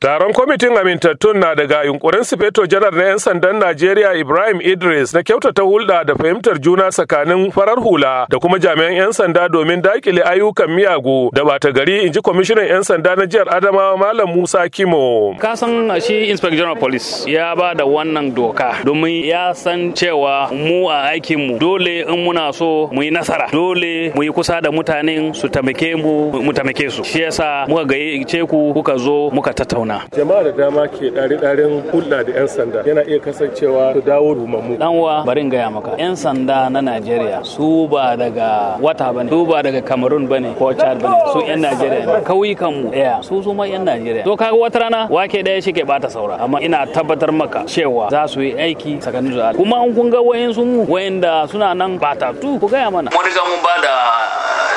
Taron kwamitin amintattun na daga yunkurin sufeto janar na 'yan sandan Najeriya Ibrahim Idris na kyautata hulɗa da fahimtar juna tsakanin farar hula da kuma jami'an 'yan sanda domin dakile ayyukan miyagu da bata gari in ji kwamishinan 'yan sanda na jihar Adamawa Malam Musa Kimo. Ka san shi Inspector General Police ya ba da wannan doka domin ya san cewa mu a aikin mu dole in muna so mu yi nasara dole mu yi kusa da mutanen su tamake mu mu tamake su shi yasa muka gayyace ku kuka zo muka tattauna. tattauna. Jama'a da dama ke ɗari-ɗarin hulɗa da 'yan sanda yana iya kasancewa su dawo rumammu. Dan barin gaya maka 'yan sanda na Najeriya su ba daga wata bane su ba daga Cameroon bane ko Chad bane su 'yan Najeriya ne kauyukan mu ɗaya eh, su su ma 'yan Najeriya. To kaga wata rana wake ɗaya shi ke bata saura amma ina tabbatar maka cewa za su yi aiki tsakanin da kuma an kun ga wayan su mu wayanda suna nan batatu ku gaya mana. Mun riga mun ba da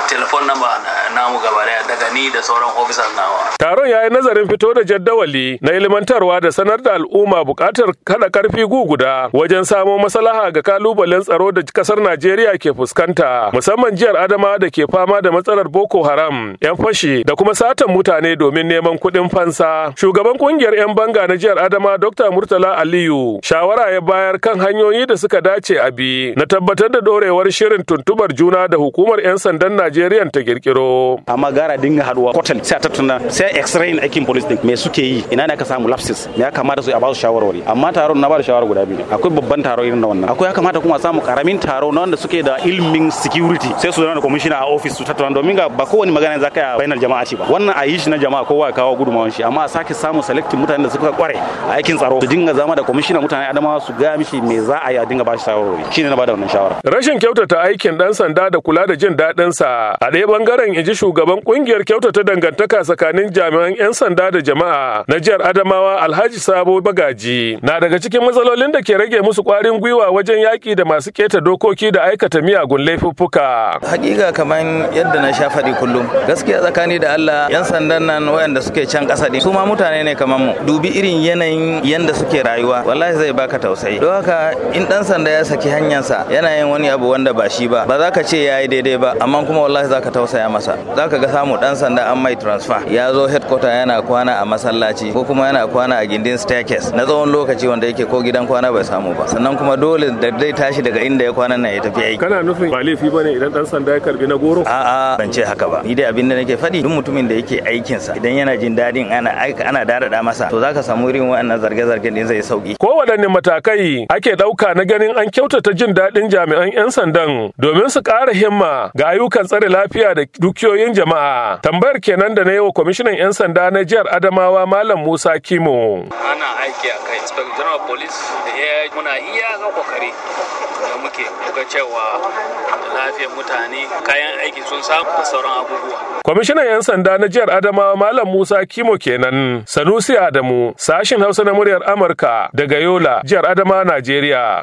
telefon namba namu gaba daya daga ni da sauran ofisar nawa. Taron ya yi nazarin fito da jaddawali na ilimantarwa da sanar da al'umma buƙatar kada karfi guguda wajen samo maslaha ga kalubalen tsaro da ƙasar Najeriya ke fuskanta musamman jiyar Adama da ke fama da matsalar Boko Haram, 'yan fashi da kuma satan mutane domin neman kuɗin fansa. Shugaban ƙungiyar 'yan banga na jiyar Adama Dr. Murtala Aliyu shawara ya bayar kan hanyoyi da suka dace a bi na tabbatar da ɗorewar shirin tuntubar juna da hukumar 'yan sandan Najeriya ta kirkiro. amma gara dinga haduwa kotan sai a tattauna sai extrain aikin police din me suke yi ina ne aka samu lapses me ya kamata su a ba su shawarwari amma taron na ba da shawara guda biyu akwai babban taro irin na wannan akwai ya kamata kuma a samu karamin taro na wanda suke da ilmin security sai su zama da commissioner a office su tattauna domin ga ba kowani magana za ka yi a bainar jama'a ce ba wannan a yi shi na jama'a kowa ya kawo gudunmawar shi amma a sake samu selectin mutanen da suka kware a aikin tsaro su dinga zama da commissioner mutanen adamawa su ga mishi me za a yi a dinga ba shi shawarwari shine na ba da wannan shawara rashin kyautata aikin dan sanda da kula da jin daɗinsa a ɗaya bangaren ji shugaban kungiyar kyautata dangantaka tsakanin jami'an 'yan sanda da jama'a na jihar Adamawa Alhaji Sabo Bagaji. Na daga cikin matsalolin da ke rage musu kwarin gwiwa wajen yaƙi da masu keta dokoki da aikata miyagun laifuffuka. Hakika kamar yadda na sha faɗi kullum gaskiya tsakani da Allah 'yan sandan nan wayanda suke can ƙasa ɗin su ma mutane ne kamar mu dubi irin yanayin yanda suke rayuwa wallahi zai baka tausayi. Don haka in dan sanda ya saki hanyarsa yana yin wani abu wanda ba shi ba ba za ka ce ya yi daidai ba amma kuma wallahi za ka tausaya masa. za ka ga samu dan sanda an mai transfer ya zo headquarter yana kwana a masallaci ko kuma yana kwana a gindin staircase na tsawon lokaci wanda yake ko gidan kwana bai samu ba sannan kuma dole da zai tashi daga inda ya kwana nan ya tafi aiki kana nufin ba laifi bane idan dan sanda ya karbi na goro a'a ban ce haka ba ni dai abin da nake faɗi duk mutumin da yake aikin sa idan yana jin dadin ana ana dadada masa to zaka samu irin wa'annan zarge-zargen din zai sauki ko wadanne matakai ake dauka na ganin an kyautata jin dadin jami'an 'yan sandan domin su kara himma ga ayyukan tsare lafiya da dukiyo dukiyoyin jama'a. Tambayar kenan da na yi wa kwamishinan 'yan sanda na jihar Adamawa Malam Musa Kimo. Ana aiki a kai Inspector General Police da ya muna iya ga kokari da muke kuka cewa lafiyar mutane kayan aiki sun samu da sauran abubuwa. Kwamishinan 'yan sanda na jihar Adamawa Malam Musa Kimo kenan. Sanusi Adamu, sashin Hausa na muryar Amurka daga Yola, jihar Adamawa, Najeriya.